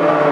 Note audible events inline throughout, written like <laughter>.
Allah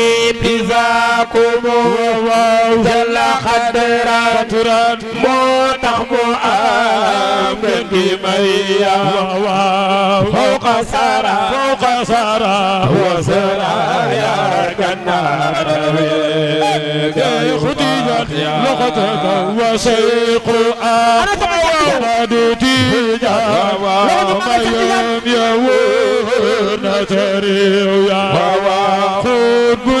jalla xadra turan moo tax mu am ngeen gi may waaw fawqa sara fawqa sara wa sara ya kannar kay khutija loqataka wa sayqu أبادتي وما يوم يوم نتري يا خذ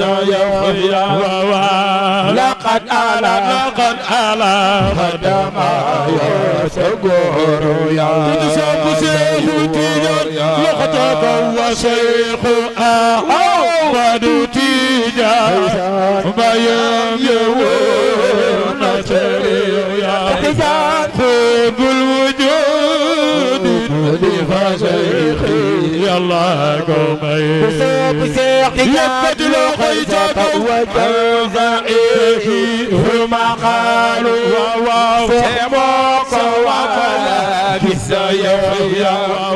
يخيا لقد ألا لقد ألا خدما يسقر يا تنسب سيدي لقد وشيخ أحمد تيجا ما يميون سريا خذ الوجود difa seyxi yàlla ko may yëkkat loxoy ca kaw seyxi huma xaalu waaw te moo ko waxal gis ya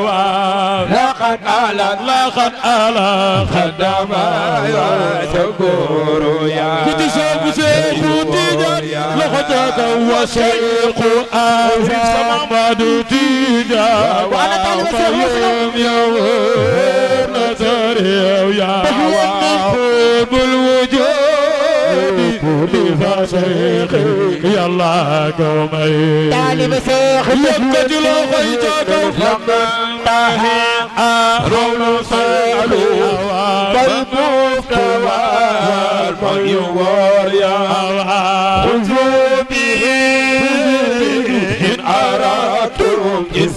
waaw laqad ala laqad ala xadama ya shukuru ya kiti soobu seyxu tijan loxo ca kaw wa seyxu ahmadu tijan انا طالب يوم يوم نظري ويا حب الوجود لفاشيخي يلا قومي طالب شيخ يبقى جلو خيجاك وفلما طه رول صلو قلب مفتوى المغيور يا الله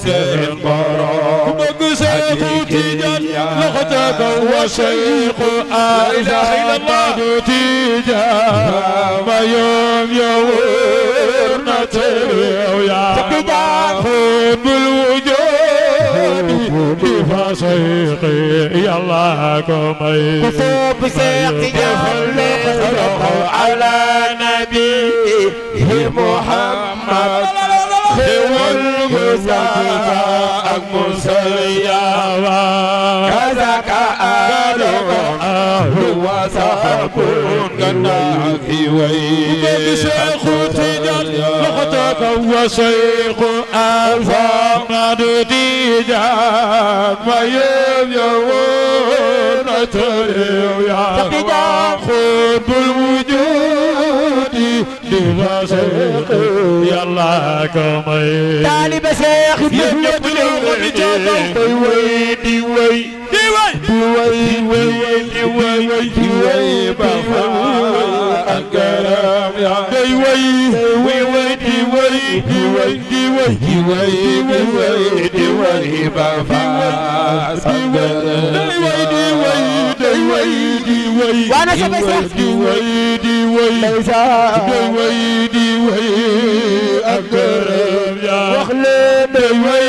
seen borom ku bëgg Seexu Tijaan loxo ca kaw wa Seexu Ahmad Tijaan ma yoom yow na teew yaa ca Tuubaa xutbul wujuud di fa Seexi Yàlla ko may ku fopp Seex Tijaan loxo ala nabi Muhammad xewal musalla ak musalla wa kazaka وسحب قناع في ويل بشيخ تجد لختك وشيخ ألفا نديدا ما يبيعون تريويا خب الوجود لما شيخ يلا كمي طالب شيخ يبيعون تريويا way di way di way di way ba akaram ya day way way way di way di way di way di way di way di way ba akaram day way di way day way di way wana sa besa di way di way day way di way akaram ya wax le day way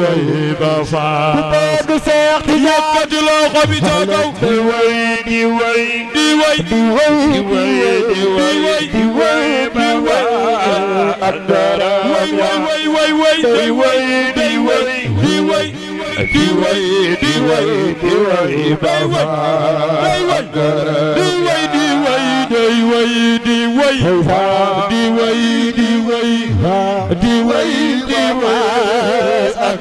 way ba faal ku bëgg Seex Tijaan yëkkati loxo bi ca kaw di way di way di way di way di way di way ba faal ak dara way way way way di way di way di way di way di way di way ba faal ak dara di way di way di way di way di way way di way di way ak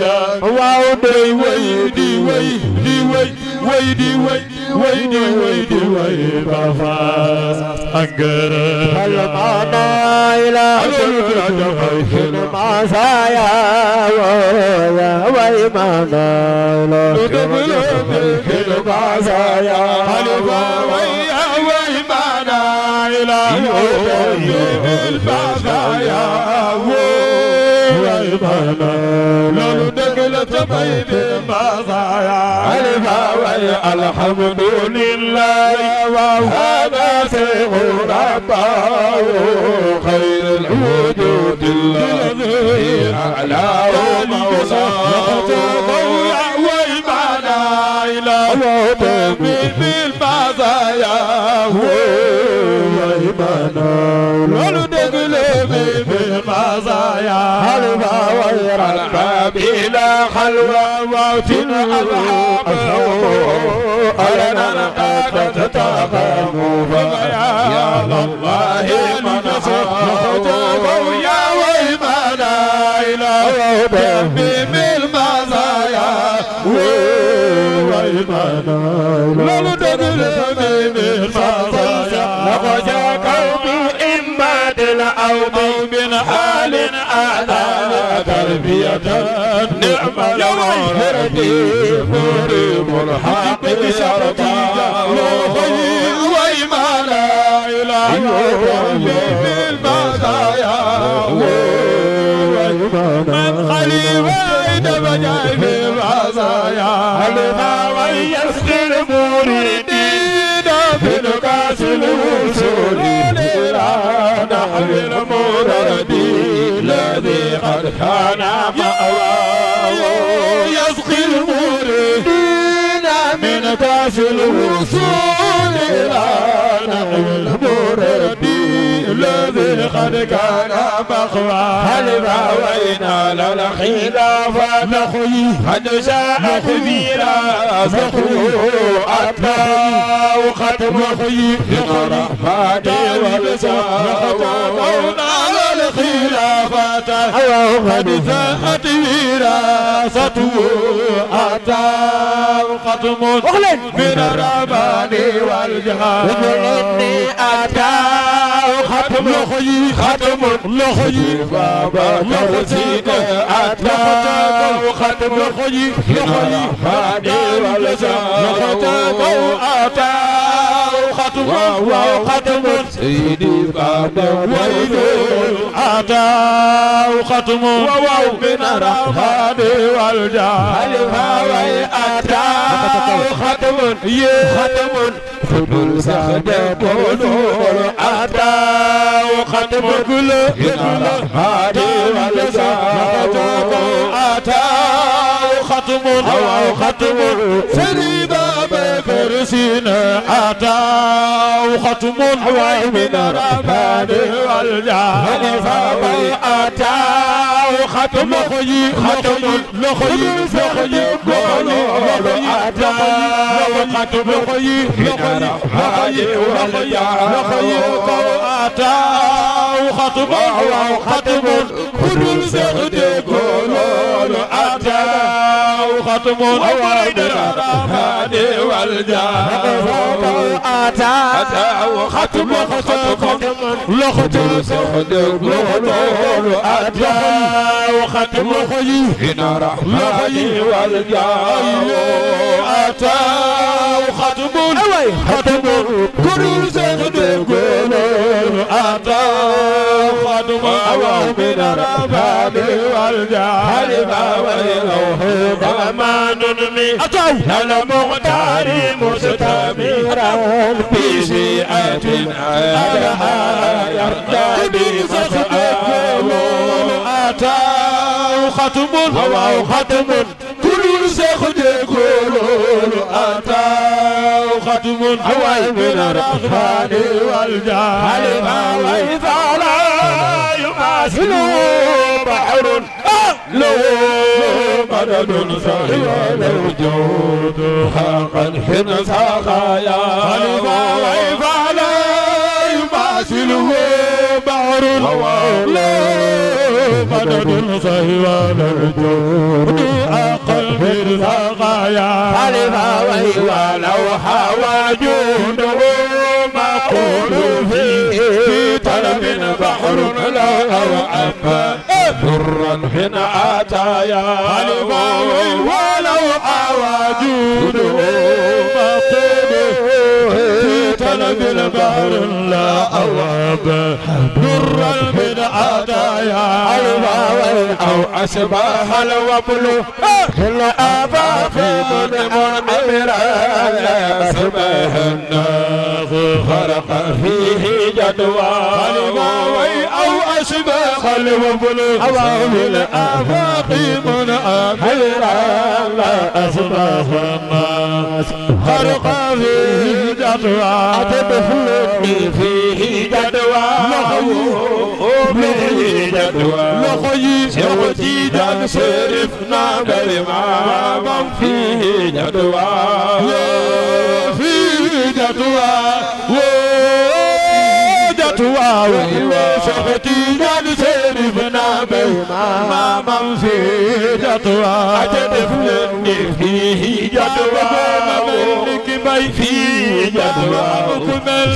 ya waaw day way di way di way way di way way di way di way ba faas ak ya mana ila sul ma saya ya way mana ila sul ma saya البعدايا ويمانا لو دقل تبيد مزايا علما ويا الحمد لله وهذا سيغ ربا خير الوجود الذي أعلاه مولاي إله من بالمزايا ويمنا لولو دقلي من بالمزايا حلوى وير الباب إلى حلوى وفي الألعاب ألنا القادة تتغم فيا الله من صدقه يا ويلا جنبي بالمزايا ويلا لولو دغرمي بالمزايا لقد قومي إما دل أو من حال أعلى تربية نعم الوردي مريم الحق يرضى وخير وما لا إله إلا بالمزايا من خليفة دمجا في العصايا حلفا ويسقي المريدين في نقاس الوصول لا نحن المرد الذي قد كان مأواه يسقي لنا في الوصول إلى نعيم ربي الذي قد كان مخوى هل راوينا للخلافة نخوي قد جاء خبيرا زخو أتباع قد مخوي بالرحمن والسلام مولانا الخلافة قد جاء خبيرا فتو أتى ختم من الرحمن والجهاد ومني أتى ختم ختم لخي بابا توزيد أتى ختم لخي لخي الرحمن والجهاد ختم أتى خاتم وختم سيدي بابا ويل أتى ختم وواو من الرحمن والجهل هوي أتى ختم ختم فضل سخد بنور أتى ختم كل من الرحمن والجهل أتى xatmul aw xatmul sëriñ Babacar Si na ataaw xatmul waay min rabbaani wal jaani fa bay ataaw xatmul loxo yi xatmul loxo yi loxo yi loxo yi ataaw xatmul loxo yi loxo yi loxo yi loxo yi ataaw xatuma waaw xatuma ku dul seex déggoo loolu ataaw xatuma waaw daraaraamaane wal jaaroo ataaw xatuma xatuma loxo ca seex déggoo loolu ataaw xatuma loxo yi ina raxmaani wal jaaroo ataaw حتبون حتبون كل سيد يقول أتى خدم أول من الرباب والجهل فويله فما ننمي أتوا على مختار مستمرا في شيئة على يرتدي سيقول أتى ختم هو ختم كل سيد يقول أتى أو ختم هوي من الرحمن والجاه لما وإذا لا يماثل بحر له مدد سريع الوجود حقا حين سقايا لما وإذا لا يماثله بحر له عدد فهو مرجو أقل في الفقايا خلفا وهو لو حوى جوده مقول فيه في طلب بحر لو أما ذرا حين آتايا خلفا وهو لو حوى جوده مقول يقلب البحر لا أواب درا من عدايا الواوي أو أصبح الوبل الآباء في من منعمرا لا يسمح الناس خرق فيه جدوى الواوي أو أصبح الوبل الآباء في من منعمرا لا يسمح الناس خرق في جدوى أتدخل فيه جدوى نخوي فيه جدوى نخوي سوتي دان صرفنا بالإمام فيه جدوى فيه جدوى جدوى سوتي دان صرفنا بالإمام فيه جدوى أتدخل فيه جدوى mooy fii jàpp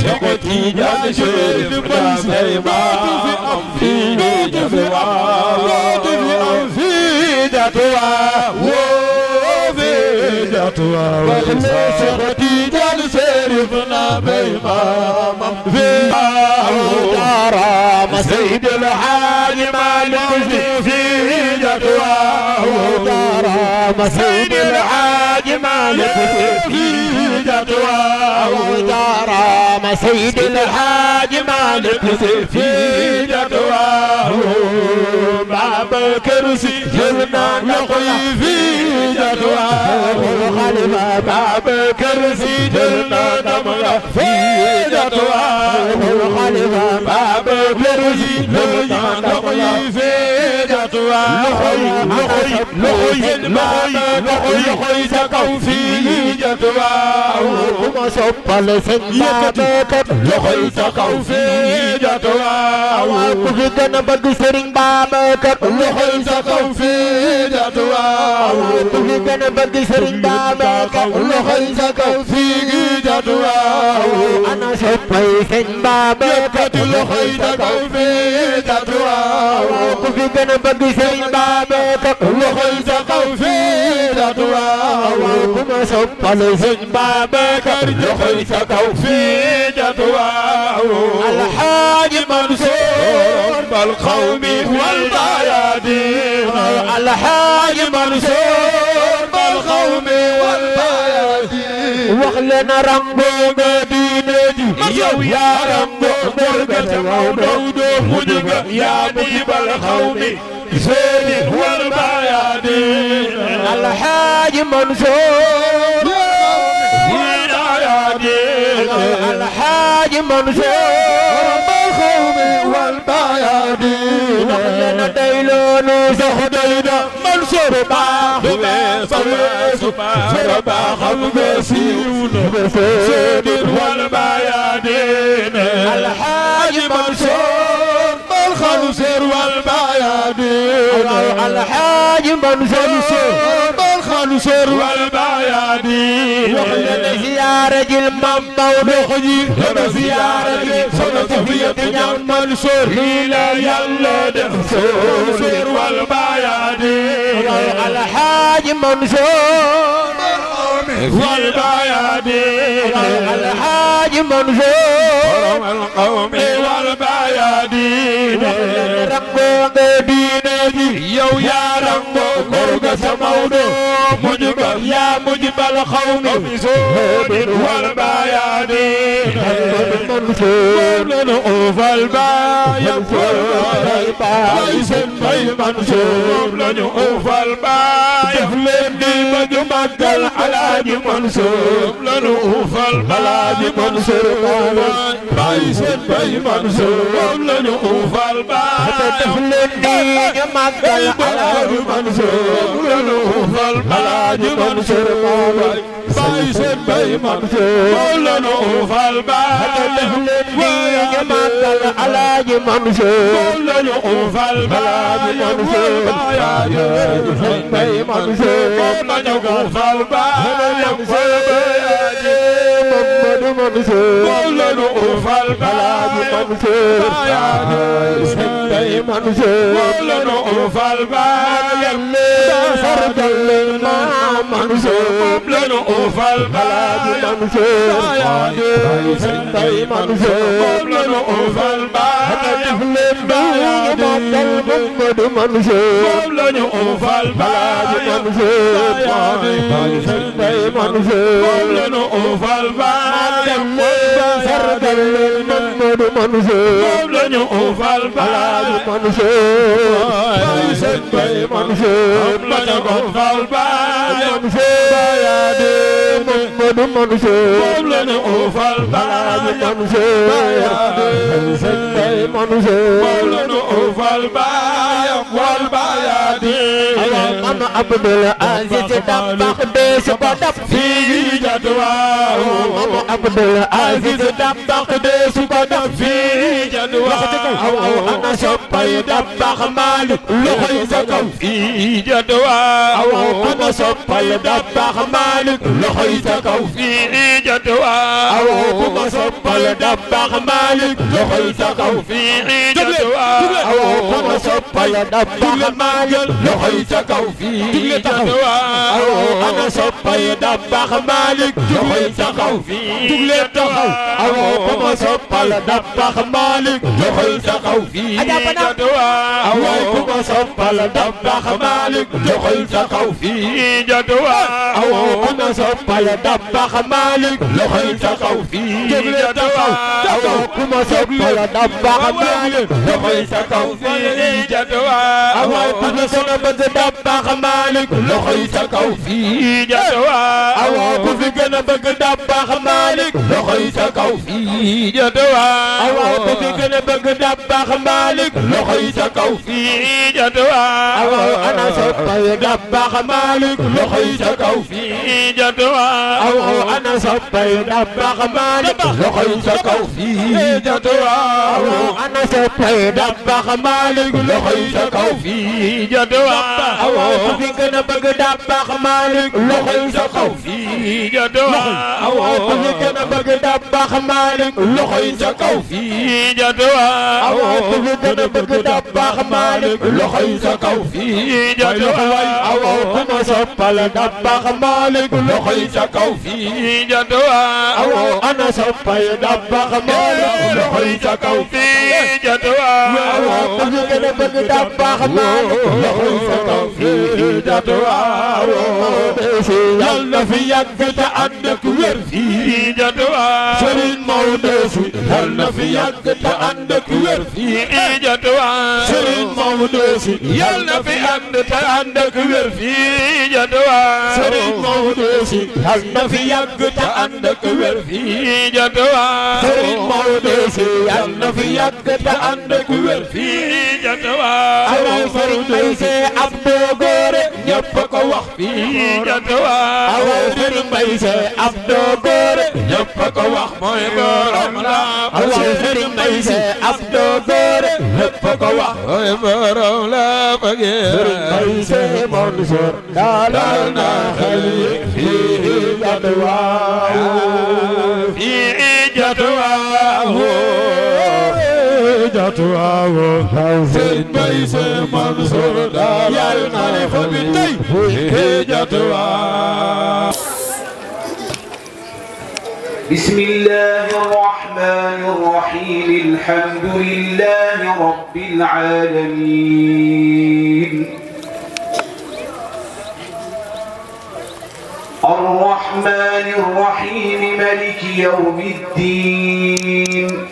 Seexu Tijaan Chérif dafay maam fii jàpp waaw fii jàpp waaw fii jàpp waaw Seexu Tijaan Chérif dafay maam fii daaraam Seydi El Hadji Malick fii jàpp waaw daaraam مسعود الحاج مالك فيه جدوى ودار سيد الحاج مالك فيه جدوى باب الكرسي جنان نقي فيه جدوى وخلف بكر في جنة دمغة في جتوى الخليفة بكر في جنة دمغة في جتوى لخي لخي لخي لخي لخي سكو في جتوى وما صب لسنة بكر لخي سكو في جتوى وكفكنا بدو سرين بابكر لخي سكو في جتوى وكفكنا بدو سرين بابكر loxol ca kaw fii gi jatuwaaw ana soppay sëñ baaba yëkkati loxol ca fii gi ku fi gën a bëgg sëñ baaba ku ma soppal sëñ fii gi jatuwaaw alxaaji bal xawmi wal bayaadi alxaaji Mansour wax leen a rambo nga diine ji yow yaa rambo mborga te mawdo muñu nga yaa mujibal xawmi seeni wal bayaadi alxaaji Mansoor yaadi alxaaji Mansoor rabal xawmi wal bayaadi wax leen a dayloo sax dayda soroba dube soroba soroba soroba xamume siiwul seedin wal bayaadin alxaaji Mansoor mal xalu seer wal bayaadin alxaaji Mansoor mal xalu seer wal bayaadin wax leen ziyaara jil mam Maodo xoji dama ziyaara ji soxna Safiyatu ñaan Mansoor lii la yàlla def seer wal bayaadin والبيادي الحاج منصور والبيادي الحاج منصور القوم والبيادي رب دينتي يو يا رب sa mawdo mujibal yaa mujibal xawmi heebin wal baayaani heebin ofal baayam fal baay seen bay Mansour lañu ofal baay def leen di ba ñu màggal alaaji Mansour lañu ofal alaaji Mansour baay seen bay Mansour lañu ofal baay def leen di ñu màggal alaaji Mansour Mawlana Fall Baay دائما زول نؤف البال يمين فردا لنا منزول لنؤف البلد منزول دائما زول نؤف البال يمين محمد منزول لنؤف البلد منزول دائما زول نؤف البال dem sardal man Modou Mansour moom la ñu ufal baal Mansour Baye Sëñ Baye Mansour moom la ñu ufal baal man seeyaade Mamadu man see moom la ñu uufal baaye man seeyaade sëñ Bay man see moom la ñu uufal baaye wal baayaade man Abdul Aziz dambax dees ko dab fii jadwaaw man Abdul Aziz dambax dees ko dab fii jadwaaw ana pay dabbax Malick loxoy sa kaw fii jadwaa awo ana soppay dabbax Malick loxoy sa kaw fii jadwaa awo kuma soppal dabbax Malick loxoy sa kaw fii jadwaa awo kuma soppal dabbax Malick loxoy sa kaw fii jadwaa awo ana soppay dabbax Malick loxoy sa kaw fii taxaw awoo ko ma soppal daf tax Malick joxal taxaw fii jatuwa awoo ko ma soppal daf tax Malick joxal taxaw fii jatuwa awoo ko ma soppal daf tax Malick joxal taxaw fii jatuwa awoo ko ma soppal daf tax Malick joxal taxaw fii jatuwa awoo ko ma soppal daf tax Malick fi gën a bëgg daf tax loxoy a kaw fii a waaw ku fi gën a bëgg dabbaax Malick loxoy sa kaw fii jotuwaay waaw ana soppay dabbaax Malick loxoy sa kaw fii جدوى أو أنا صبيت بغمان لقيت كو فيه جدوى أو أنا صبيت بغمان لقيت كو فيه جدوى أو فكنا بغدا بغمان لقيت كو فيه جدوى أو فكنا بغدا بغمان لقيت كو فيه جدوى أو فكنا بغدا بغمان لقيت كو فيه جدوى أو أنا صبيت بغمان لقيت loxoy ca kaw fii jatuwaa awo ana a bëgg yal na fi yàgg te ànd ak wér fii jatuwaa Serigne si yàlla na fi yàgg te ànd ak wér fii jotawaa sëriñ Maodo si yàlla na fi yàgg te ànd ak wér fii jotawaa alaay Farouk Sey ab dogore ñëpp ko wax fii jotwa awal fir mbay se abdo góor ñëpp ko wax mooy góoram la awal fir mbay se abdo góor ñëpp ko wax mooy góoram la bëgge fir mbay se Mansour dalal na xel fii jotwa fii jotwa jatu awo seen bay seen Mansour daa yal na ne fa bi tey jatu awo بسم الله الرحمن الرحيم الحمد لله رب العالمين الرحمن الرحيم ملك يوم الدين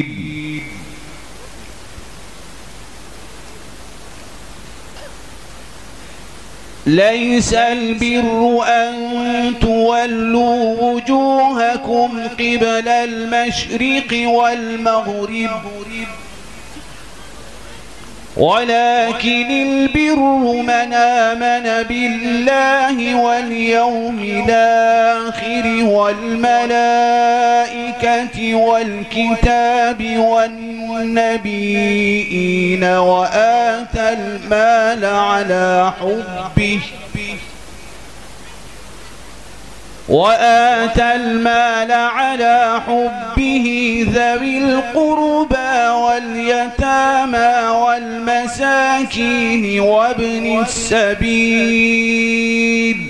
ليس البر أن تولوا وجوهكم قبل المشرق والمغرب ولكن البر من آمن بالله واليوم الآخر والملائكة والكتاب والنبيين وآتى المال على حبه وآتى المال على حبه ذوي القربى واليتامى والمساكين وابن السبيل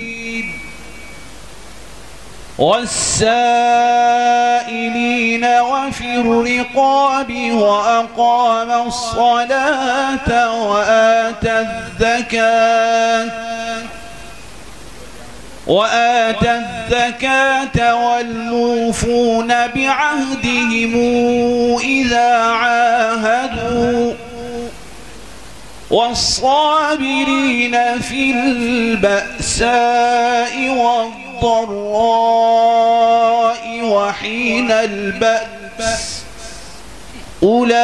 والسائلين وفي الرقاب وأقام الصلاة وآتى الزكاة وآتى الزكاة والموفون بعهدهم إذا عاهدوا والصابرين في البأساء والضراء وحين البأس أولئك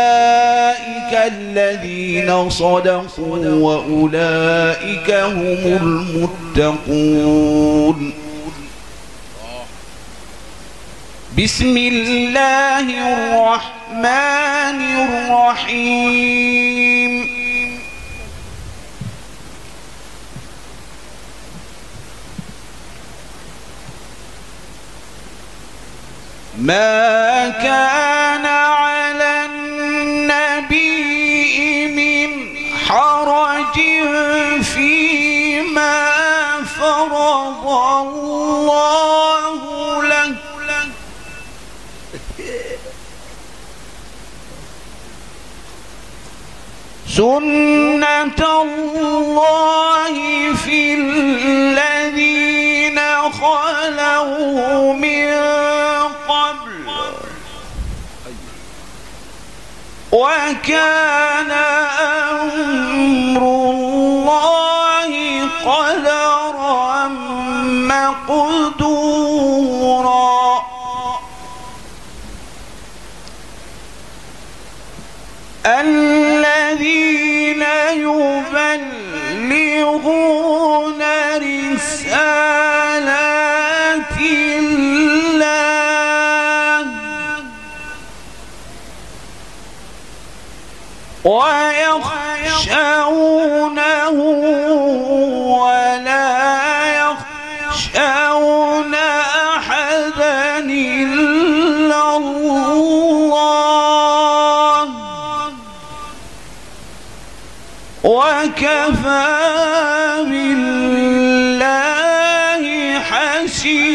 الذين صدقوا وأولئك هم المتقون بسم الله الرحمن الرحيم ما كان فيما فرض الله لك سنة الله في الذين خلوا من قبل وكان أمر الله الله قدرا مقدورا الذين يبلغون رسالات الله ويخشون وكفى بالله حسيبا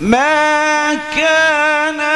ما كان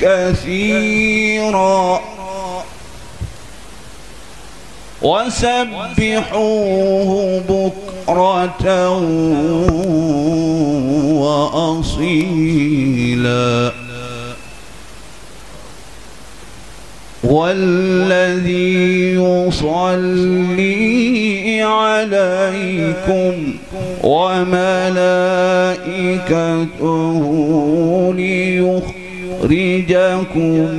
كثيرا وسبحوه بكرة وأصيلا والذي يصلي عليكم وملائكته ليخرج لنخرجكم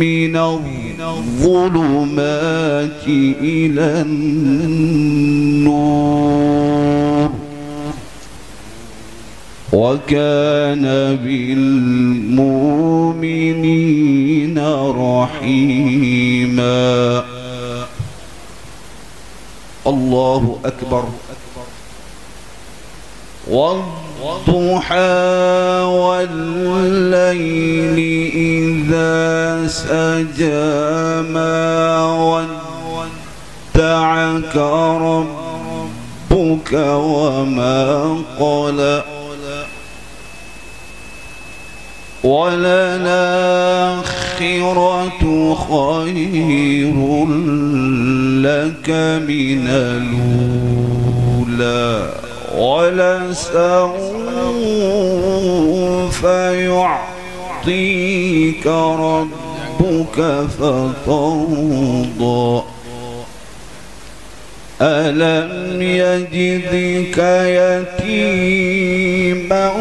من الظلمات إلى النور وكان بالمؤمنين رحيما الله أكبر والضحى والليل إذا سجى ما ودعك ربك وما قلى وللآخرة خير لك من الأولى ولسوف يعطيك ربك فترضى ألم يجدك يتيما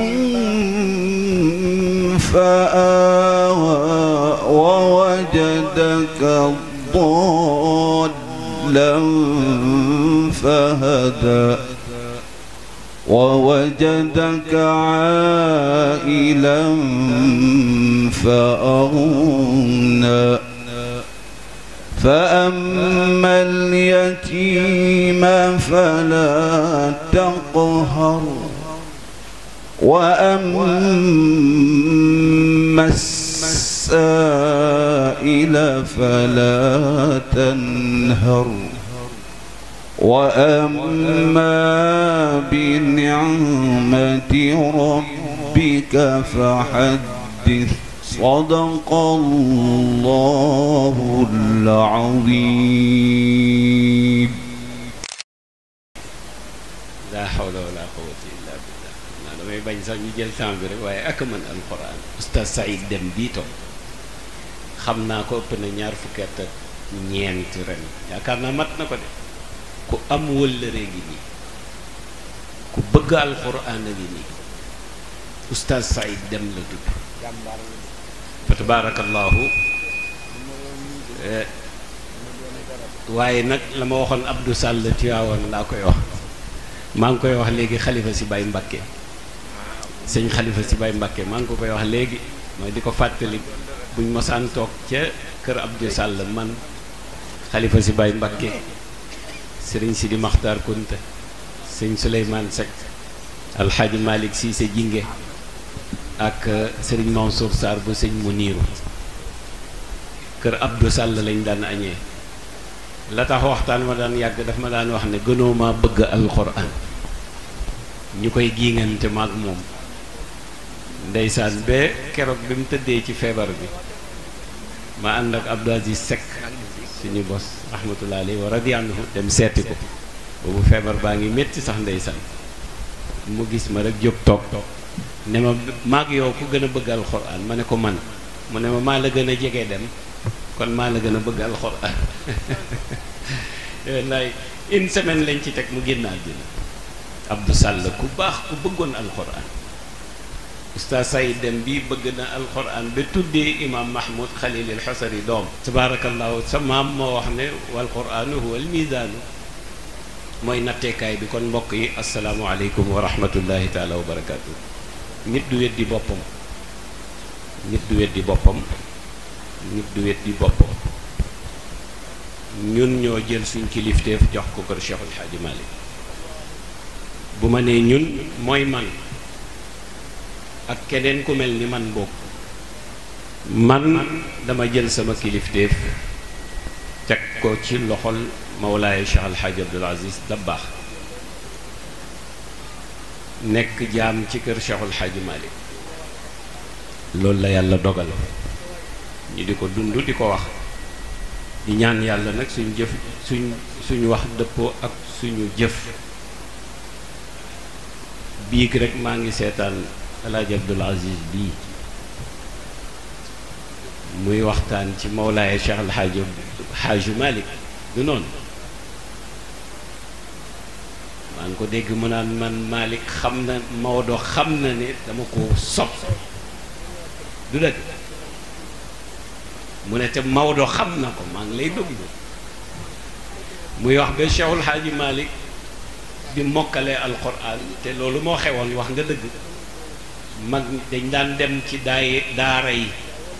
فآوى ووجدك ضالا فهدى ووجدك عائلا فأغنى فأما اليتيم فلا تقهر وأما السائل فلا تنهر وأما بنعمة ربك فحدث صدق الله العظيم لا حول ولا قوة إلا بالله maa damay bañ sax ñu jël temps bi rek waaye ak man alquran oustaz Saïd Dem bii toog xam naa ko ëpp na ñaar fukki at ak ñeent ren yaakaar naa mat na ko de ku am wëllëree ngi nii ku bëgg alxuraan a ngi nii oustaz Saïd Dem la tudd fa tabaarakallaahu eh, waaye nag la ma waxoon Abdou Sall Tiwaawan laa koy wax maa ngi koy wax léegi xalifa si Baye Mbakke sëñ xalifa si Baye Mbakke maa ngi ko koy wax léegi mooy di ko fàttali buñ mosaan toog ca kër Abdou Sall man xalifa si Baye Mbakke sëriñ Sidi Maxtaar Kunta sëñ Souleymane Seck alxaaji Malick Cissé Jinge ak sëriñ Mansour Sarr bu sëñ mu niiru kër Abdou Sall lañ daan añee la tax waxtaan ma daan yàgg dafa ma daan wax ne gënoo maa bëgg alxuraan ñu koy giingante maag moom ndeysaan ba keroog bi mu tëddee ci feebar bi ma ànd ak Abdou Aziz Seck suñu bos rahmatullahi alayhi wa radi anhu dem seeti ko boobu feebar baa ngi métti sax ndeysaan mu gis ma rek jóg toog ne ma maag yow ku gën a bëgg alxuraan ma ne ko man mu ne ma maa la gën a jege dem kon maa la gën a bëgg alxuraan <laughs> eh, wallaay une semaine lañ ci teg mu génn àddina Abdou Sall ku baax ku bëggoon alxuraan oustaz Saïd Dem bi bëgg na alxuraan ba tuddee imaam Mahmoud Xalil al Xasari doom tabaarakallahu sa maam moo wax ne wal quraanu huwa al miizaanu mooy natteekaay bi kon mbokk yi asalaamualeykum wa rahmatullahi taala wa barakaatu. nit du weddi boppam nit du weddi boppam nit du weddi boppam ñun ñoo jël suñ kilifteef jox ko kër Cheikhul Xaaji Malik bu ma nee ñun mooy man ak keneen ku mel ni man bokk man dama jël sama kilifteef teg ko ci loxol Mawlaay Cheikh Al Hadj Abdoul Aziz baax nekk jaam ci kër Cheikh Al Hadj Malick loolu la yàlla dogal ñu di ko dund di ko wax di ñaan yàlla nag suñ jëf suñ suñu wax dëppoo ak suñu jëf biig rek maa ngi seetaan alaaji abdul aziz bii muy waxtaan ci mawlaaye cheikh alxaaju xaaju malik du noonu maa ngi ko dégg mu naan man malik xam na Maodo xam na ne dama ko sopp du dëgg mu ne te Maodo xam na ko maa ngi lay dugg muy wax ba cheikhul xaaji malik di mokkale alquran te loolu moo xewoon wax nga dëgg mag dañ daan dem ci daay daara yi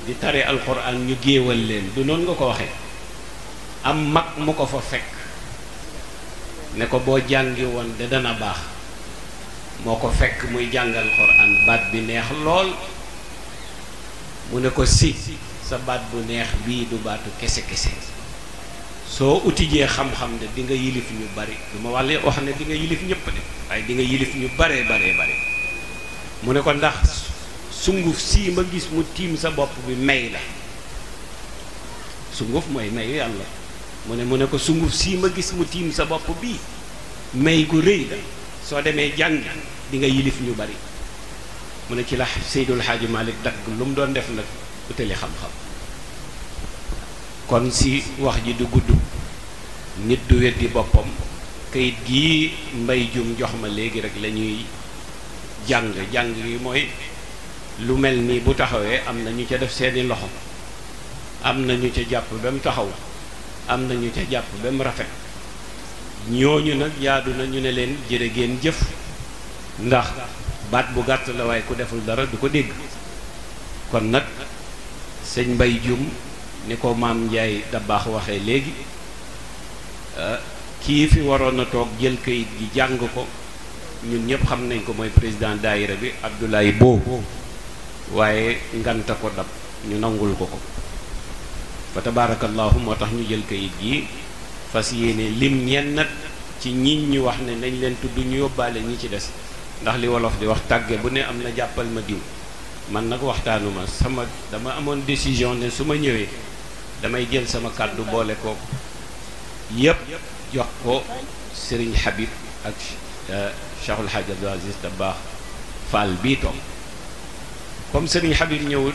di tare alxuraan ñu géewal leen du noonu nga ko waxee am mag mu ko fa fekk ne ko boo jàngi woon de dana baax moo ko fekk muy jàng alxuraan baat bi neex lool mu ne ko si sa baat bu neex bii du baatu kese-kese soo utijee xam-xam de di nga yilif ñu bari du ma wàlle wax ne di nga yilif ñëpp de waaye di nga yilif ñu baree baree bare mu ne ko ndax sunguf sii ma gis mu tiim sa bopp bi may la sunguf mooy mayu yàlla mu ne mu ne ko sunguf sii ma gis mu tiim sa bopp bi may gu rëy la soo demee jàng di nga yilif ñu bari mu ne ci la Seydul Xaaji Malik dagg lu mu doon def nag utali xam-xam kon si wax ji du gudd nit du weddi boppam kayit gii mbay jum jox ma léegi rek lañuy jàng jàng yi mooy lu mel nii bu taxawee am na ñu ca def seeni loxo am na ñu ca jàpp bem taxaw am na ñu ca jàpp ba rafet ñooñu nag yaadu na ñu ne leen jërë ngeen jëf ndax baat bu gàtt la waaye ku deful dara du ko dégg kon nag sëñ Mbay Jum ni ko maam Njaay da baax waxee léegi ah, kii fi waroon a toog jël kayit gi jàng ko ñun ñëpp xam nañ ko mooy président daayira bi Abdoulaye Bo waaye nganta ko dab ñu nangul ko ko fa tabaarakallaahu moo tax ñu jël kayit gi fas yéene lim ñenn nag ci ñiñ ñi wax ne nañ leen tudd ñu yóbbaale ñi ci des ndax li wolof di wax tàgge bu ne am na jàppal ma diw man nag waxtaanuma sama dama amoon décision ne su ma ñëwee damay jël sama kàddu boole ko yépp jox ko sëriñ Habib ak Cheikhul Hadj Abdou Aziz Dabakh Fall bii toog comme Serigne Habib ñëwul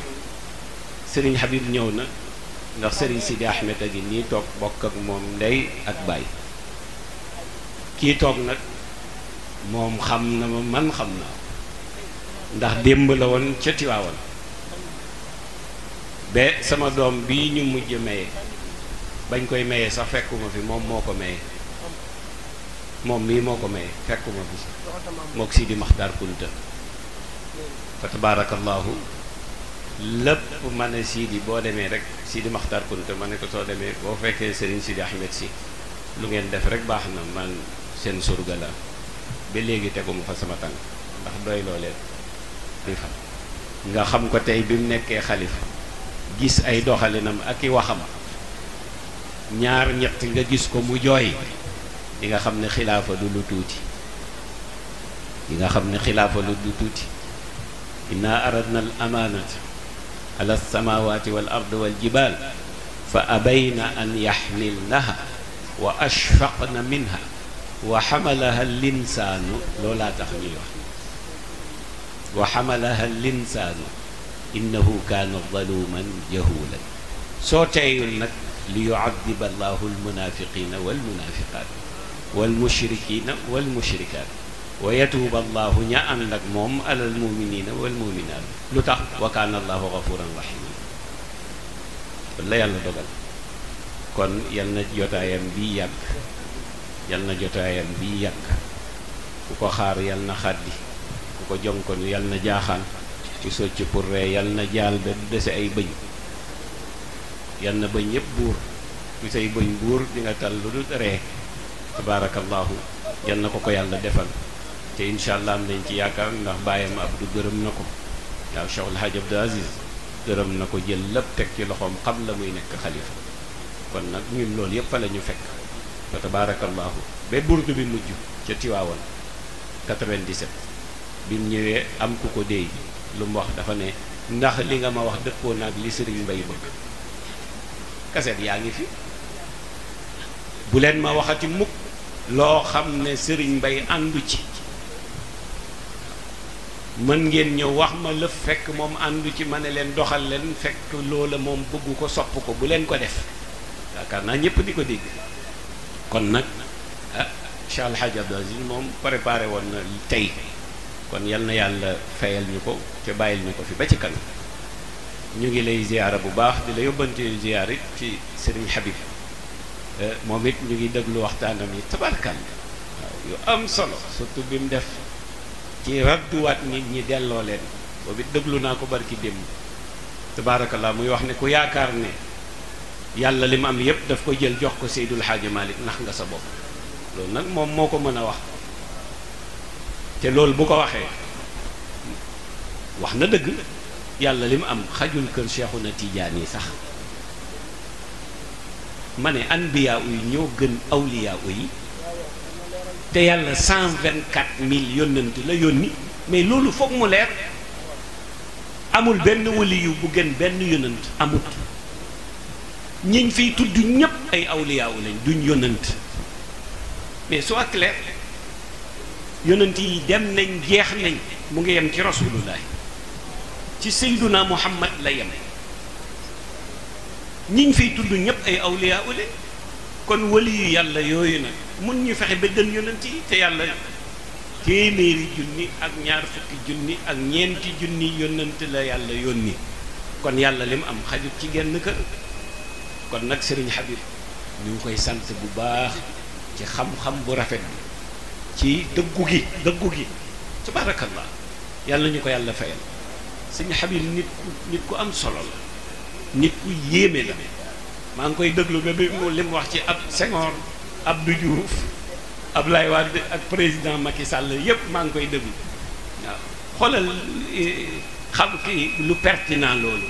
Serigne Habib ñëw na ndax Serigne Sidi Ahmed a gi nii toog bokk ak moom ndey ak baay kii toog nag moom xam na ma man xam naa ndax démb la woon ca Tiwaawan ba sama doom bii ñu mujj maye bañ koy maye sax fekkuma fi moom moo ko maye. moom mii moo ko maye fekkuma bis mook Sidi Maxtaar Kunta fa tabaarakallaahu lépp ma ne Sidi boo demee rek Sidi Maxtaar Kunta ma ne ko soo demee boo fekkee Serigne Sidi Ahmed si lu ngeen def rek baax na man seen surga la ba léegi teguma fa sama tànk ndax doyloo loo leen xalifa nga xam ko tey bi mu nekkee xalifa gis ay doxalinam ak i waxam ñaar ñett nga gis ko mu jooy di nga xam ne xilaafa du lu tuuti di nga xam ne xilaafa lu du tuuti inna aradna al amaanata ala samaawaati wal ard wal jibaal fa abayna an yaxmilnaha wa ashfaqna minha wa xamalaha linsaanu loolaa tax ñuy wax wa xamalaha linsaanu innahu kaana zaluman jahulan soo teeyul nag li yuadiba allahu almunaafiqina walmunaafiqaat wal mushrikiina wa yatuuba allahu ànd ak moom alal muminina wal lu tax wa kaana allahu gafuuran rahiima la yàlla dogal kon yal na jotaayam bi yàgg yal na jotaayam bi yàgg ku ko xaar yal na xaddi ku ko jonkon yal na jaaxaan ku socc pour ree yal na jaal ba dese ay bëñ yal na bëñ yépp buur ku say bëñ buur di tal lu dul ree tabaarakallaahu yal na ko ko yàlla defal te incha allah am nañ ci yaakaar ndax bàyyam du gërëm na ko waaw Cheikh El Hadj Aziz gërëm na ko jël lépp teg ci loxoom xam la muy nekk xalifa kon nag ñun loolu yëpp fa la ñu fekk fa tabaarakallaahu ba burdu bi mujj ca Tiwaawan 97 bi mu ñëwee am ku ko déy lu mu wax dafa ne ndax li nga ma wax dëppoo naag li sëriñ Mbay bëgg kaset yaa ngi fi bu ma waxati mukk loo xam ne sëriñ bay àndu ci mën ngeen ñëw wax ma lëf fekk moom àndu ci ma ne leen doxal leen fekk loola moom bëgg ko sopp ko bu leen ko def yaakaar naa ñëpp di ko dégg kon nag ah Cheikh Al Hadj Abdou moom préparé woon na tey kon yal na yàlla fayal ñu ko te bàyyil ñu ko fi ba ci kan ñu ngi lay ziyaara bu baax di la yóbbante ziyaar it ci sëriñ Habib Eh, moom it ñu ngi déglu waxtaanam yi tabarkalla waaw yu am solo surtout bi mu def ci radduwaat nit ñi delloo leen boobu it déglu naa ko barki démb tabarakallaa muy wax ne ku yaakaar ne yàlla li mu am yépp daf ko jël jox ko Seydul Xaaji Malik ndax nga sa bopp loolu nag moom moo ko mën a wax te loolu bu ko waxee wax na dëgg yàlla li mu am xajul kër Seexuna Tiijaan yi sax ma ne anbiyaa yi ñoo gën awliyaa yi te yàlla cent vingt quatre mille yónnant la yónni mais loolu foog mu leer amul benn waliyu bu gën benn yónnant amut ñiñ fiy tudd ñépp ay awliyaa lañ duñ yónnant mais soit clair yónnant yi dem nañ jeex nañ mu ngi yem ci rasulullahi ci seyduna muhammad la yem ñiñ fiy tudd ñëpp ay awliyaa ule kon wali yàlla yooyu nag mun ñu fexe ba gën yonent yi te yàlla téeméeri junni ak ñaar fukki junni ak ñeenti junni yonent la yàlla yónni kon yàlla lim am xajut ci genn kër kon nag sëriñ Habib ñu ngi koy sant bu baax ci xam-xam bu rafet bi ci dëggu gi dëggu gi tabaarakallah yàlla ñu ko yàlla fayal sëriñ Habib nit ku nit ku am solo la nit ku yéeme la maa ngi koy déglu ba bi mu li mu wax ci ab Senghor Abdou Diouf Abdoulaye Wade ak président Macky sàll yépp maa ngi koy déglu waaw xoolal eh, xam ki lu pertinent loolu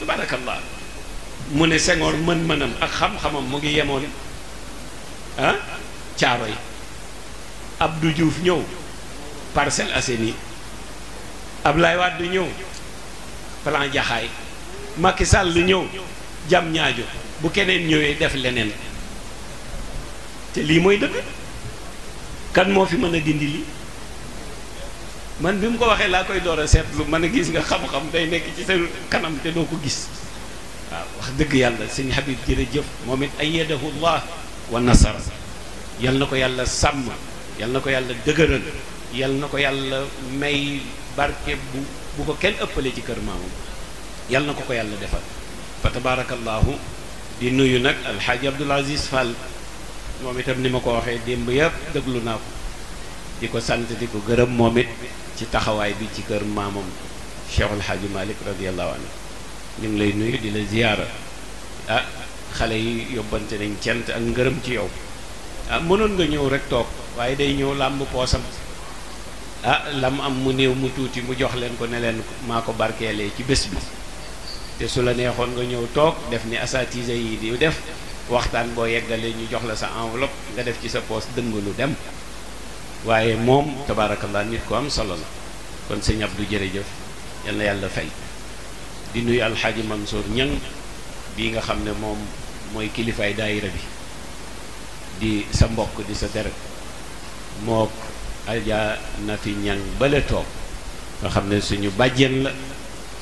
tabarakallah mu ne Senghor mën-mënam ak xam-xamam mu ngi yemoon ah caaro yi Abdou juuf ñëw Parcelles Assainies Abdoulaye du ñëw plan jaxaay Macky sàll lu ñëw jam ñaajo bu keneen ñëwee def leneen te lii mooy dëgg kan moo fi mën a dindi lii man bi mu ko waxee laa koy door a seetlu mën a gis nga xam-xam day nekk ci sa kanam te doo ko gis waaw wax dëgg yàlla sëñ Habib jërëjëf moom it ayyadahu llah wa nasara yal na ko yàlla sàmm yal na ko yàlla dëgëral yal na ko yàlla may barke bu bu ko kenn ëppale ci kër maamam yal na ko ko yàlla defal fa tabaarakallaahu di nuyu nag alxaaji abdul aziz fall moom itam ni ma ko waxee démb yëpp déglu naa ko di ko sant di ko gërëm moom it ci taxawaay bi ci kër maamam cheikh alxaaji malik radiallahu anhu ñu ngi lay nuyu di la ziyaara ah xale yi yóbbante nañ cant ak ngërëm ci yow ah mënoon nga ñëw rek toog waaye day ñëw làmb poosam ah lam am mu néew mu tuuti mu jox leen ko ne leen maa ko barkeelee ci bés bi te su la neexoon nga ñëw toog def ni asatise yi di def waxtaan boo yeggalee ñu jox la sa enveloppe nga def ci sa poos lu dem waaye moom tabaarakallah nit ko am solo la kon sëñ Abdou jërëjëf yal na yàlla fay di nuyu alxaaji Mansour ñang bii nga xam ne moom mooy kilifaay daayira bi di sa mbokk di sa deret mook alja na fi ñang bale toog nga xam ne suñu bàjjen la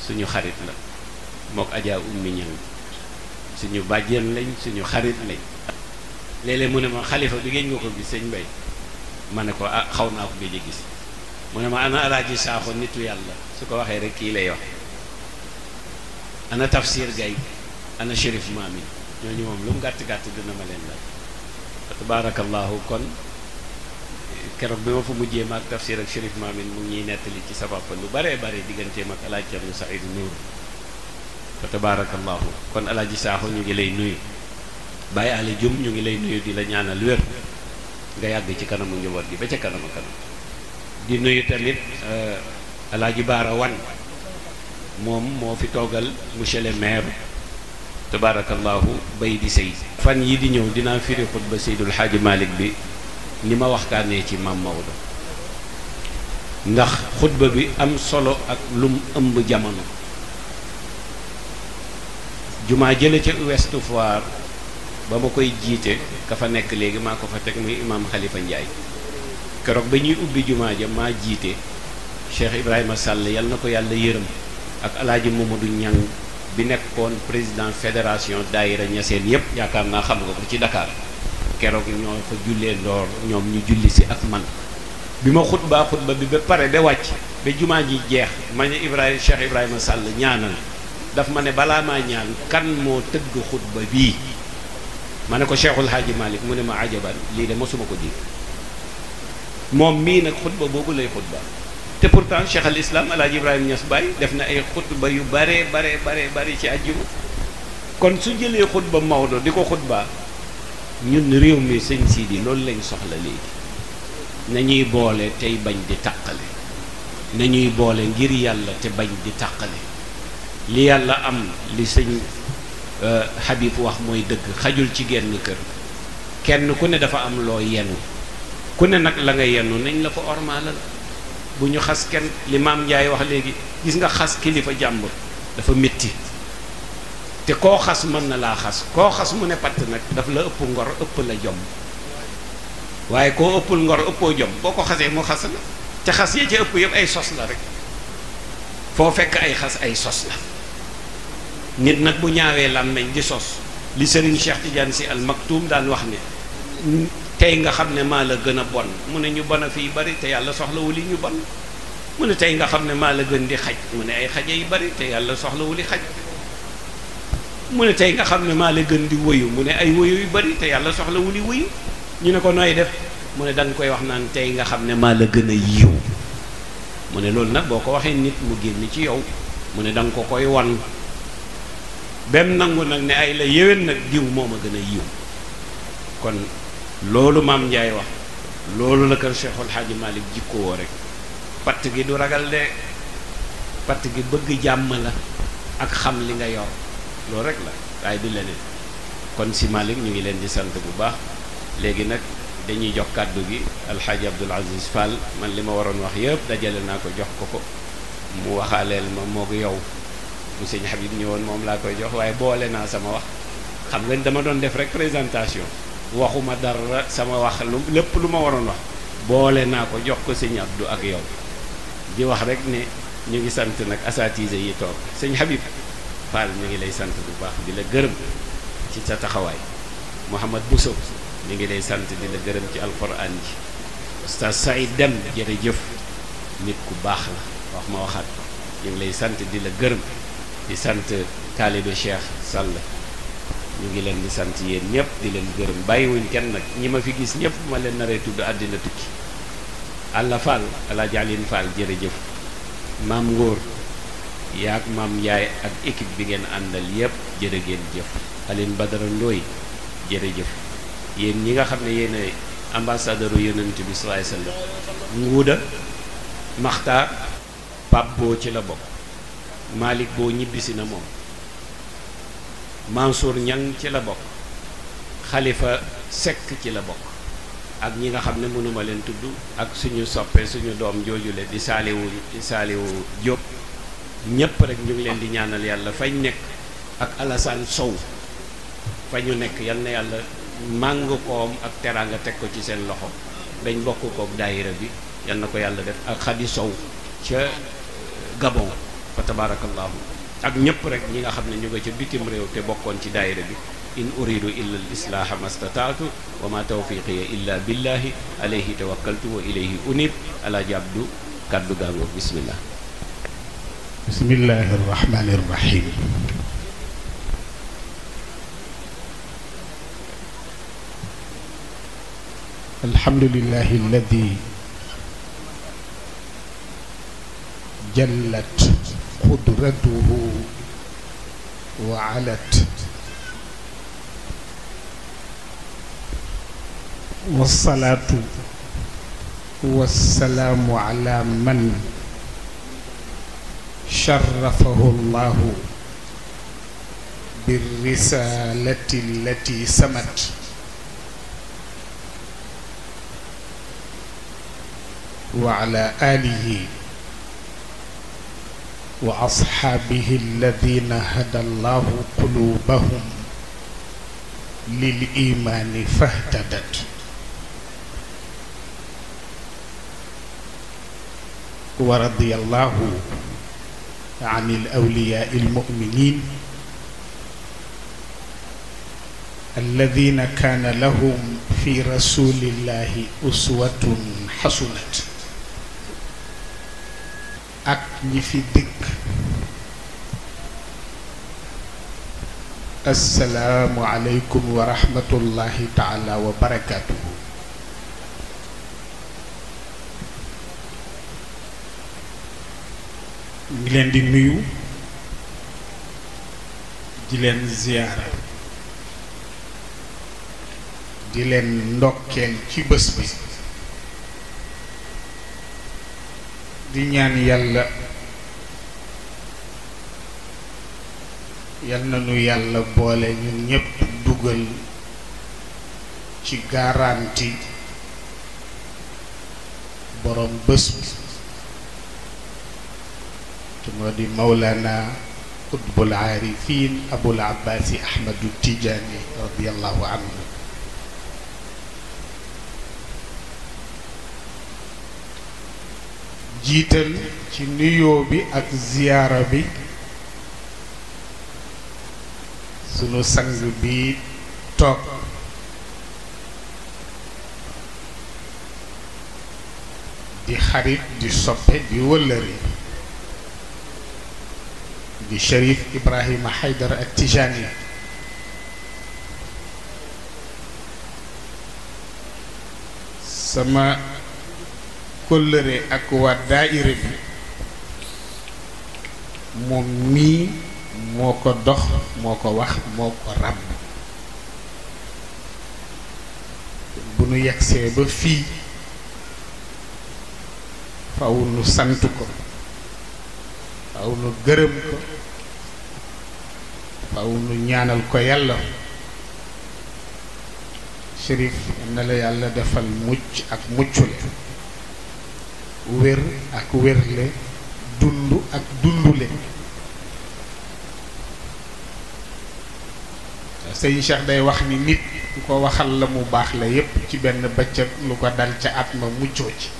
suñu xarit la mook Adja Ummi ñëw suñu bàjjen lañ suñu xarit lañ léeg-léeg mu ne ma xalifa bi ngeen nga ko gis sëñ Mbay ma ne ko a ah, xaw naa ko gëj a gis mu ne ma ana alaaji saaxo nitu yàlla su ko waxee rek kii lay wax ana tafsir gay ana shérif maami ñooñu moom lu mu gàtt gàtt dina ma leen laaj tabaarakallaahu kon keroog bi ma fa mujjee maak tafsir ak shérif maami mu ngi ñuy nettali ci sa sabab lu baree bare digganteem ak alaaji Cerno Saïd Nuur fa tabaarakallaahu kon alaaji saaxo ñu ngi lay nuyu bàyyi ale jum ñu ngi lay nuyu di la ñaanal wér nga yàgg ci kanamu njaboot gi ba ci kanama kanam di nuyu tamit euh, alaaji baara wan moom moo fi toogal monsieur le maire tabaarakallaahu bay di sëy fan yi di ñëw dinaa firi xutba seydul xaaji malik bi ni ma waxtaanee ci maam Maodo ndax xutba bi am solo ak lum ëmb jamono jumaa jële ca Ouest Foire ba ma koy jiite ka fa nekk léegi maa ko fa teg muy imaam Khalifa Ndiaye keroog ba ñuy ubbi jumaa ja maa jiite Cheikh Ibrahima Sall yal na ko yàlla yërëm ak alaaji Mamadou Niang bi nekkoon président fédération daayira ñaseen yépp yaakaar naa xam nga ko ci Dakar keroog ñoo fa jullee ndoor ñoom ñu julli si ak man bi ma xutbaa xutba bi ba pare ba wàcc ba jumaa ji jeex ma ne Ibrahima Cheikh Ibrahima Sall ñaanal dafa ma ne balaa maa ñaan kan moo tëgg xutba bii ma ne ko Cheikhul Hadji Malick mu ne ma ajaban lii de mosuma ko dégg moom mii nag xutba boobu lay xutba te pourtant Cheikh al Islam El Hadj Ibrahima Niass def na ay xutba yu bare bare bare bare ci àjjuma kon su jëlee xutba Maodo di ko xutba ñun réew mi sëñ Sidi loolu lañ soxla léegi nañuy boole tey bañ di tàqale nañuy boole ngir yàlla te bañ di tàqale li yàlla am li sëñ euh, Habib wax mooy dëgg xajul ci genn kër kenn ku ne dafa am loo yenu ku ne nag la nga yenu nañ la ko ormaalal bu ñu xas kenn li maam Njaay wax léegi gis nga xas kilifa jàmbur dafa métti te koo xas mën na laa xas koo xas mu ne patt nag daf la ëpp ngor ëpp la jom waaye koo ëppul ngor ëppoo jom boo ko xasee mu xas la te xas yee ca ëpp yëpp ay sos la rek foo fekk ay xas ay sos la nit nag bu ñaawee làmmeñ di sos li Serigne Cheikh Tidiane si al maktum daan wax ne tey nga xam ne maa la gën a bon mu ne ñu bon bari te yàlla ñu bon mu tey nga xam ne maa la gën di xaj mu ne ay xaje yu bari te yàlla soxlawul yi xaj mu ne tey nga xam ne maa la gën di woyu mu ne ay woyu yu bari te yàlla soxlawul yi woyu ñu ne ko nooy def mu ne da koy wax naan tey nga xam ne maa la gën a yiw mu ne loolu nag boo ko waxee nit mu génn ci yow mu ne da ko koy wan bem nangu nag ne ay la yéwén nag giw moom a gën a yiw kon loolu maam Njaay wax loolu la kër Cheikhul Hadji Malick jikkoo rek patt gi du ragal de patt gi bëgg jàmm la ak xam li nga yor loolu rek la waaye du leneen kon si Malick ñu ngi leen di sant bu baax léegi nag dañuy jox kàddu gi alxaaji Abdul Aziz Fall man li ma waroon wax yëpp dajale naa ko jox ko ko mu waxaaleel ma moo yow bu sëñ Habib woon moom laa koy jox waaye boole naa sama wax xam nga dama doon def rek présentation waxuma dara sama wax lépp lu ma waroon wax boole naa ko jox ko sëñ Abdou ak yow di wax rek ne ñu ngi sant nag asatise yi toog sëñ Habib Fall ñu ngi lay sant bu baax di la gërëm ci sa taxawaay Mouhamad Bousso ñu ngi lay sant di la gërëm ci alquran ji sa Saïd Dem jërëjëf nit ku baax la wax ma waxaat ñu ngi lay sant di la gërëm di sant Khalidou Cheikh Sall ñu ngi leen di sant yéen ñëpp di leen gërëm bàyyiwuñ kenn nag ñi ma fi gis ñëpp ma leen naree tudd àddina tukki Alla Fall Alla Jaalin Fall jërëjëf maam Ngóor yaak maam Yaay ak équipe bi ngeen àndal yëpp jërë ngeen jëf Aline Badara Ndoy jërëjëf yéen ñi nga xam ne yéen ambassadeur u yonent bi sallallahu alayhi wasallam nguuda maxtaar Pape ci la bokk Malick boo ñibbisi na moom Mansour Niang ci la bokk xalifa Seck ci la bokk ak ñi nga xam ne mënuma leen tudd ak suñu soppe suñu doom joojule di saaliwu di saaliwu Diop ñépp rek ñu ngi leen di ñaanal yàlla fañ nekk ak Alassane Sow fa ñu nekk yal na yàlla màng koom ak teraanga teg ko ci seen loxo dañ bokk kook daayira bi yal na ko yàlla def ak Khady Sow ca Gabon fa tabaarakallaahu ak ñëpp rek ñi nga xam ne ñu nga ca bitim réew te bokkoon ci daayira bi in uridu illa al islaaha mastataatu wa ma tawfiqiya illa billahi alayhi tawakkaltu wa ilayhi unib ala jabdu kàddu gaango bismillah bismillahi arrahmani arrahim alhamdulillahi alladi jallat qudratuhu wa alat wasalaatu wasalaamu ala man sharafahu llahu birrisalati allati samat wa ala alihi wa asxaabihi alladina hada allahu quluubahum lil imaani fahtadat wa radiyallahu an al awliyaa al mu'miniin alladina kaana lahum fi rasulillahi uswatun xasanatun ak ñi fi dikk assalaamu aleykum wa rahmatullahi wa barakaatuhu ngi leen di nuyu di leen ziyaara di leen ndokkeel ci bés bi di ñaan yàlla yal na ñu yàlla boole ñun ñépp dugal ci gaaranti borom bés te moo di Mawlana Qutbul Aarifin Abul Abbaasi Ahmadu Tijaani radiyallahu anhu jiital ci nuyoo bi ak ziyaara bi sunu sang bi toog di xarit di soppe di wëllëri di Cherif Ibrahima Haydara ak Tijaani sama kóllëre ak waa daayira bi moom mii moo ko dox moo ko wax moo ko ràbb bu nu yegsee ba fii faw nu sant ko faw nu gërëm ko faw nu ñaanal ko yàlla Chérif na la yàlla defal mucc ak muccule wér ak wérle dund ak dundule sëñ Cheikh day wax ni nit ku ko waxal la mu baax la yépp ci benn bëccëg lu ko dal ca at ma muccoo ci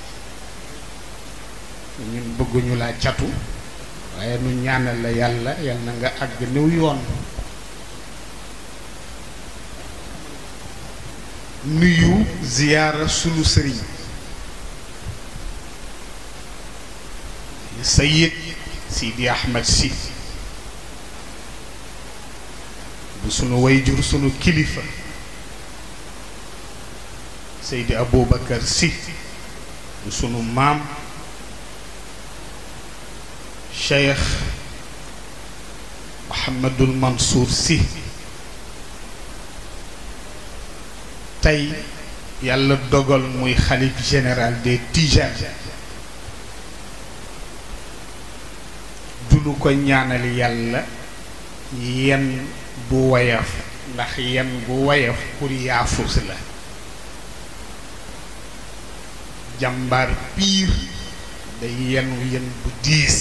ñun bëgguñu laa catu waaye nu ñaanal la yàlla yal na nga àgg niw yoon nuyu ziyaara sunu sëriñ sayid Sidi Ahmed si bu sunu wayjur sunu kilifa Seydi Aboubacar si bu sunu maam Cheikh Mouhamadul Mansour si tey yàlla dogal muy xalif général des Tijanes du ko ñaanal yàlla yen bu woyof ndax yenn bu woyof pour yaafus la jàmbaar piir day yenu bu diis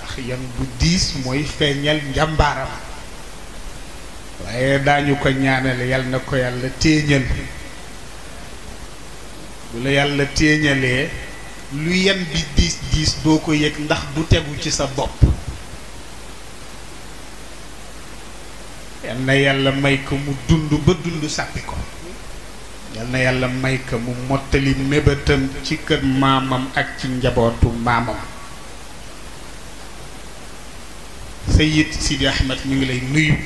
ndax yen bu diis mooy feeñal njàmbaaram waaye daañu ko ñaanal yàlla na ko yàlla téeñal bu la yàlla téeñalee lu yem bi diis diis doo ko yëg ndax bu tegu ci sa bopp yal na yàlla may ko mu dund ba dund sàppi ko yal na yàlla may ko mu mottali mébétam ci kër maamam ak ci njabootu maamam Sayid Sidi Ahmed mi ngi lay nuyu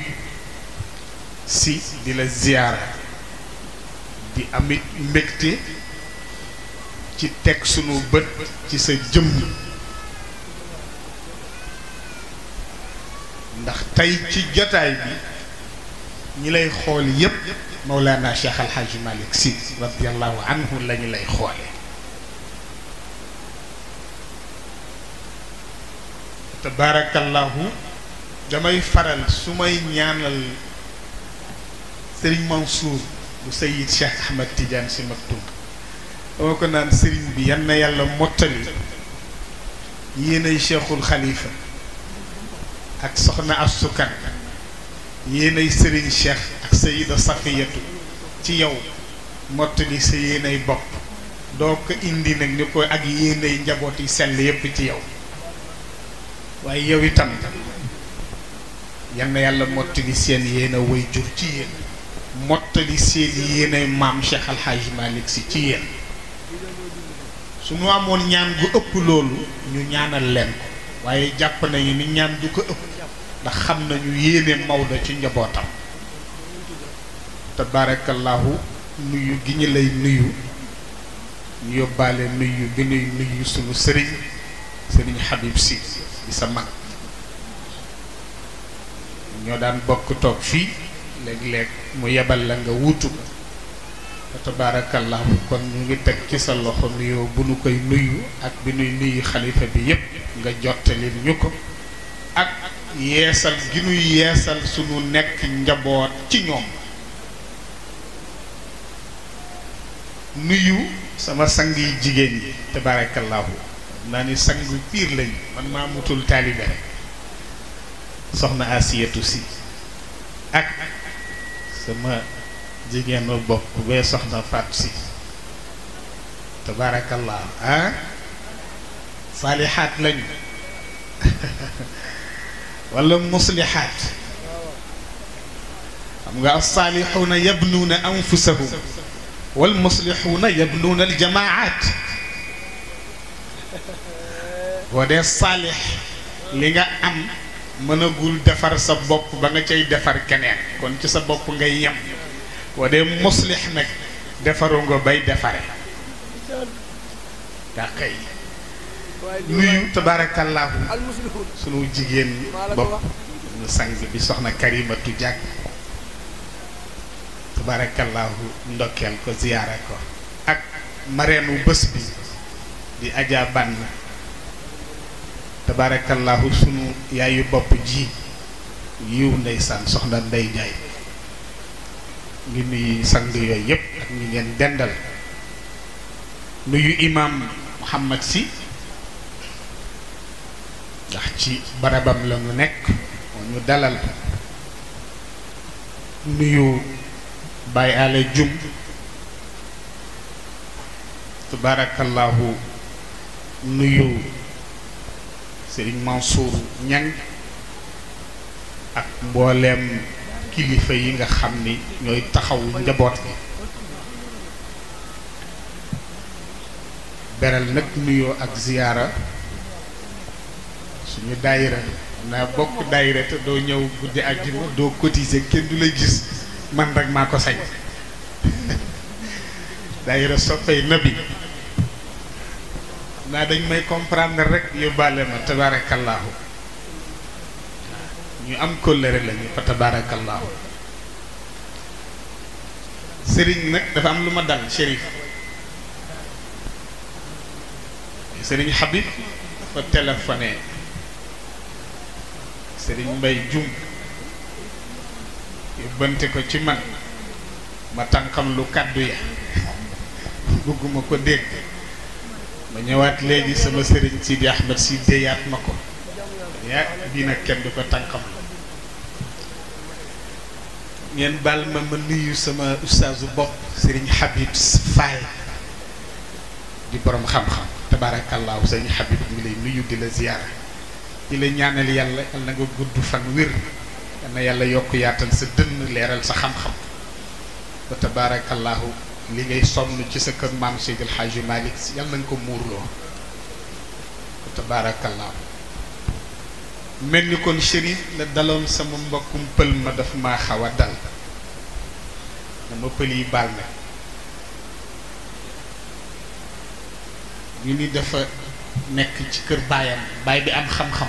si di la ziyaara di amit mbégte ci teg suñu bët ci sa jëmm ndax tey ci jotaay bi ñi lay xool yépp Mawlana Cheikh Al Hadj Malick Sy radiyallahu anhu la ñu lay xoole tabaarakallahu damay faral su may ñaanal Serigne Mansour bu Sayid Cheikh Ahmed Tidiane Sy Maktoum dama ko naan sëriñ bi yan na yàlla mottali yéenay cheikhul xalifa ak soxna astukan yéenay sëriñ cheikh ak sayida safiyatu ci yow mottali sa yéenay bopp doo ko indi nag ni ko ak yéenay njaboot yi sell yépp ci yow waaye yow itam yan na yàlla mottali seen yéen a way jur ci yéen mottali seen yéenay maam cheikh alxaaji malik si ci yéen su ñu amoon ñaan gu ëpp loolu ñu ñaanal leen ko waaye jàpp nañu ni ñaan du ko ëpp ndax xam nañu yéene Maodo ci njabootam tabarakallahu nuyu gi ñu lay nuyu ñu yóbbaale nuyu bi nuyu sunu sëriñ sëriñ Habib Sy di sa mag ñoo daan bokk toog fii léeg-léeg mu yebal la nga wuutu tabaarakallaahu kon ñu ngi teg ci sa loxo nuyoo bu nu koy nuyu ak bi nuy nuyu xalifa bi yépp nga jottali ñu ko ak yeesal gi nuy yeesal sunu nekk njaboot ci ñoom nuyu sama sang yi jigéen yi tabaarakallaahu naa ni sang piir lañu man maa mutul soxna asiyatu si ak sama jigéenu bopp bee soxna fat si tabarakallah ah saalihaat lañu <laughs> wala muslihaat xam nga alsaalixuuna yabnuuna anfusahum wal muslixuuna yabnuuna aljamaaat boo dee saalix li nga am mënagul defar sa bopp ba nga cay defar keneen kon ci sa bopp ngay yem boo dee muslix nag defaru nga bay defare daa xëy nuyu tabaarakallaahu sunu jigéen bopp sang bi soxna karimatu jàkk tabaarakallaahu ndokkeel ko ziyaara ko ak mareenu bés bi di ajaa bànn tabaarakallaahu sunu yaayu bopp ji yiw ndeysaan soxna ndey di nuyu sang yooyu yëpp ak ñi ngeen dendal nuyu imam Muhammad si ndax ci barabam la nekk moo ñu dalal nuyu Baye Alé Jum tabarakallahu nuyu Serigne Mansour Ñang ak mbooleem kilifa yi nga xam ni ñooy taxaw njaboot gi beral nag nuyoo ak ziyaara suñu daayira naa bokk daayira te doo ñëw guddi àjjuma doo cotiser kenn du lay gis man rek maa ko sañ <laughs> daayira soppay nabi naa dañ may comprendre rek yóbbaale ma tabaarakallaahu ñu am kóllëre lañu fa tabaarakallaahu sëriñ nag dafa am lu ma dal shérif sëriñ Habib dafa téléphoné sëriñ Mbay Jum yóbbante ko ci man ma tànkam lu kàddu ya <laughs> bëgguma ko dégg ma ñëwaat léegi sama sëriñ Sidi Ahmed si déyaat ma ko ñaag dina kenn du ko tànkam la ngeen baal ma ma nuyu sama ustaasu bopp sëriñ Habib Faye di boroom xam-xam tabaarakallaahu sëriñ Habib ñu ngi lay nuyu di la ziyaara di la ñaanal yàlla yal na nga gudd fan wér yal na yàlla yokk yaatal sa dënn leeral sa xam-xam ba tabaarakallaahu li ngay sonn ci sa kër maam Seydil Hadji Malick yal na nga ko muurloo ba tabaarakallaahu mel ni kon Chérif la daloon sama mbokkum pël ma daf maa xaw a dal dama pël yi baal na ñu ni dafa nekk ci kër baayam baay bi am xam-xam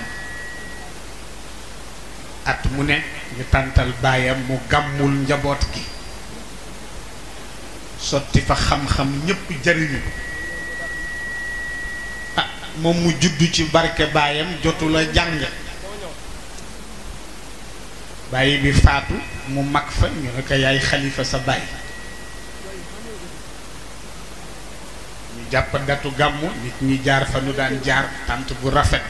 at mu ne ñu tàntal baayam mu gàmmul njaboot gi sotti fa xam-xam ñépp jariñu ah, moom mu juddu ci barke baayam jotula la jàng bàyyi bi faatu mu mag fa ñu ne ko yaay xalifa sa bàyyi ñu jàpp datu gàmmu nit ñi jaar fa nu daan jaar tànt bu rafet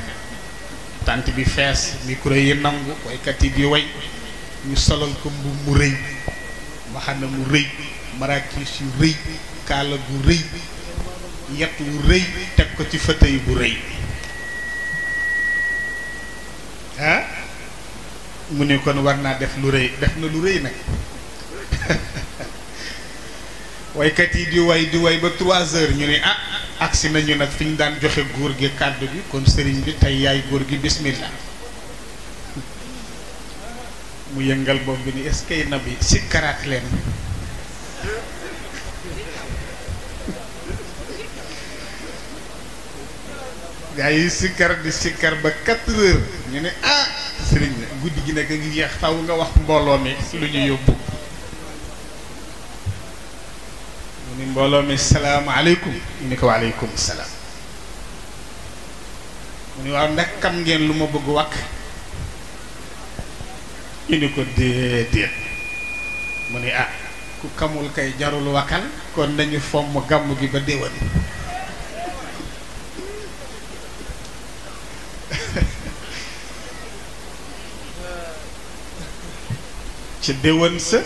tànt bi fees micro yi nangu waykat yi di way ñu solal ko mbubb mu rëy mbaxana mu rëy marakiis yu rëy kaala gu rëy yet wu rëy teg ko ci fauteuil bu rëy mu ni kon war naa def lu rëy def na lu rëy nag waykat yi di way di way ba trois heures ñu ni ah agsi nañu nag fi ñu daan joxe góor gi kàddu bi kon sëriñ bi tey yaay góor gi bismillah mu yëngal bopp bi ni est na bi si karaat leen gaa yi sikkar di sikkar ba quatre ñu ne ah sëriñ guddi gi nag ngi yeex taw nga wax mbooloo mi lu ñu yóbbu mu ni mbooloo mi salaamaaleykum mu ni ko waaleykum salaam mu ni waaw ndax xam ngeen lu ma bëgg wàkk ñu ni ko déedéet mu ni ah ku kamul kay jarul wakkal kon nañu fomm gàmm gi ba déwén ca déwén sa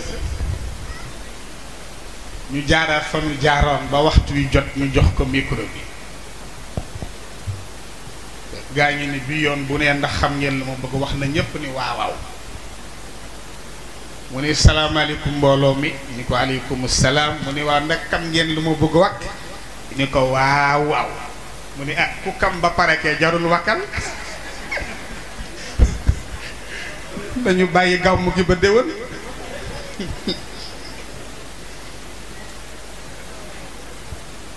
ñu jaaraat fa ñu jaaroon ba waxtu wi jot ñu jox ko micro bi gaa ñi ne bi yoon bu nee ndax xam ngeen la ma bëgg wax na ñépp ni waawaaw mu ne salaamaaleykum mbooloo mi ñu ko aleykum salaam mu ne waaw ndax xam ngeen lu ma bëgg wakk ni ko waaw mu ne ah ku kam ba pare kee jarul wakkal dañu <laughs> bàyyi gàmmu gi ba déwén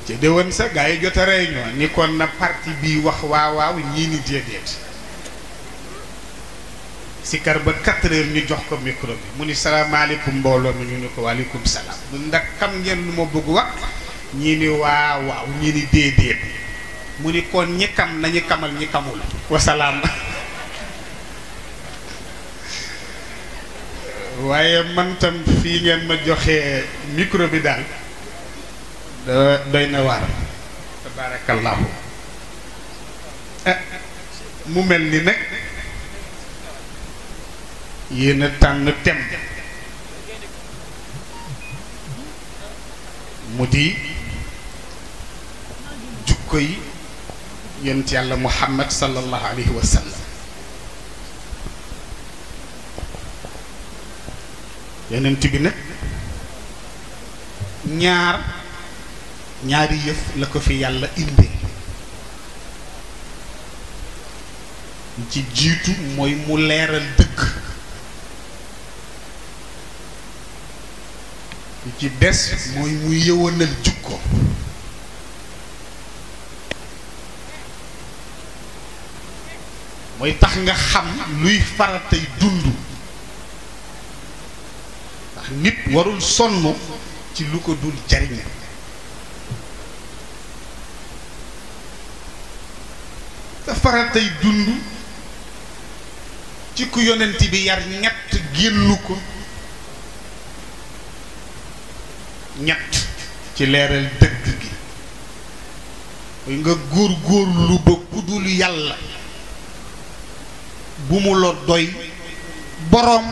ci déwén sa gars yi jot a réunion ni kon na parti bii wax waaw waaw ñii ni déedéet si ba quatre ñu jox ko micro bi mu ni salaamaaleykum mbooloo mi ñu ni ko waaleykum salaam ndax xam ngeen lu ma bëgg wax ñii ni waaw ñii ni déedéet mu ni kon ñi kam nañu kamal ñi kamul wasalaam <laughs> waaye man tam fii ngeen ma joxee mikro bi daal da doy na waar tabaarakallaahu eh, mu mel ni nag yéen a tànn tem mu di jukko yi yonent yàlla muhammad sallallahu alayhi wa yonent bi nag ñaar ñaari yëf la ko fi yàlla indee ci jiitu mooy mu leeral dëkk li ci des mooy mu yëwanal jukko mooy tax nga xam luy faratay dund nit warul sonn ci lu ko dul jariñ te faratay dund ci ku yonent bi yar ñett génnu ko ñett ci leeral dëgg gi nga góor góorlu ba ku dul yàlla bu mu la doy boroom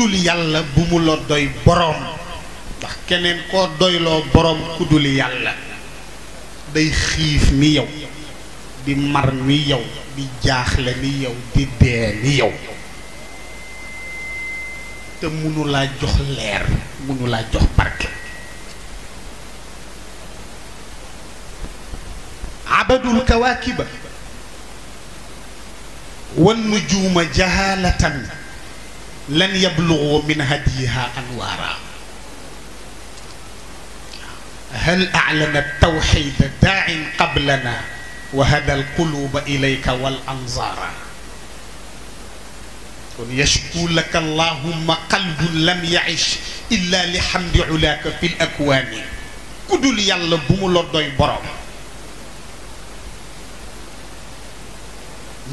dul yàlla bu mu la doy boroom ndax keneen koo doyloo boroom ku dul yàlla day xiif ni yow di mar ni yow di jaaxle ni yow di dee ni yow te mënu jox leer mënu jox barke abadul kawaakiba wan nujuuma jahalatan lan yablugu min hadiyiha anwaara hal alana tawxida daain qablana wa hada alquluba ilayka wal anzaara kon yashku laka allahuma qalbun lam yaish illa li xamdi ulaaka fi l akwaani ku dul yàlla bu mu la doy borom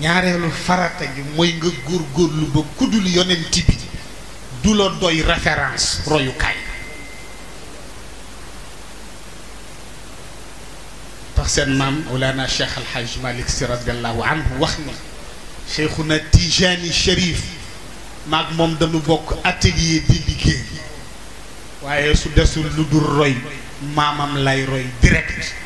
ñaareelu farata gi mooy nga góorgóorlu ba kuddul yonent bi du la doy référence royukaay tax seen maam Mawlana Cheikh Al Hadj Malick Sy radiallahu anhu wax ni Cheikhuna Tijani Cherif maag moom dañu bokk atelier di liggéey waaye su desul lu dul roy maamam lay roy direct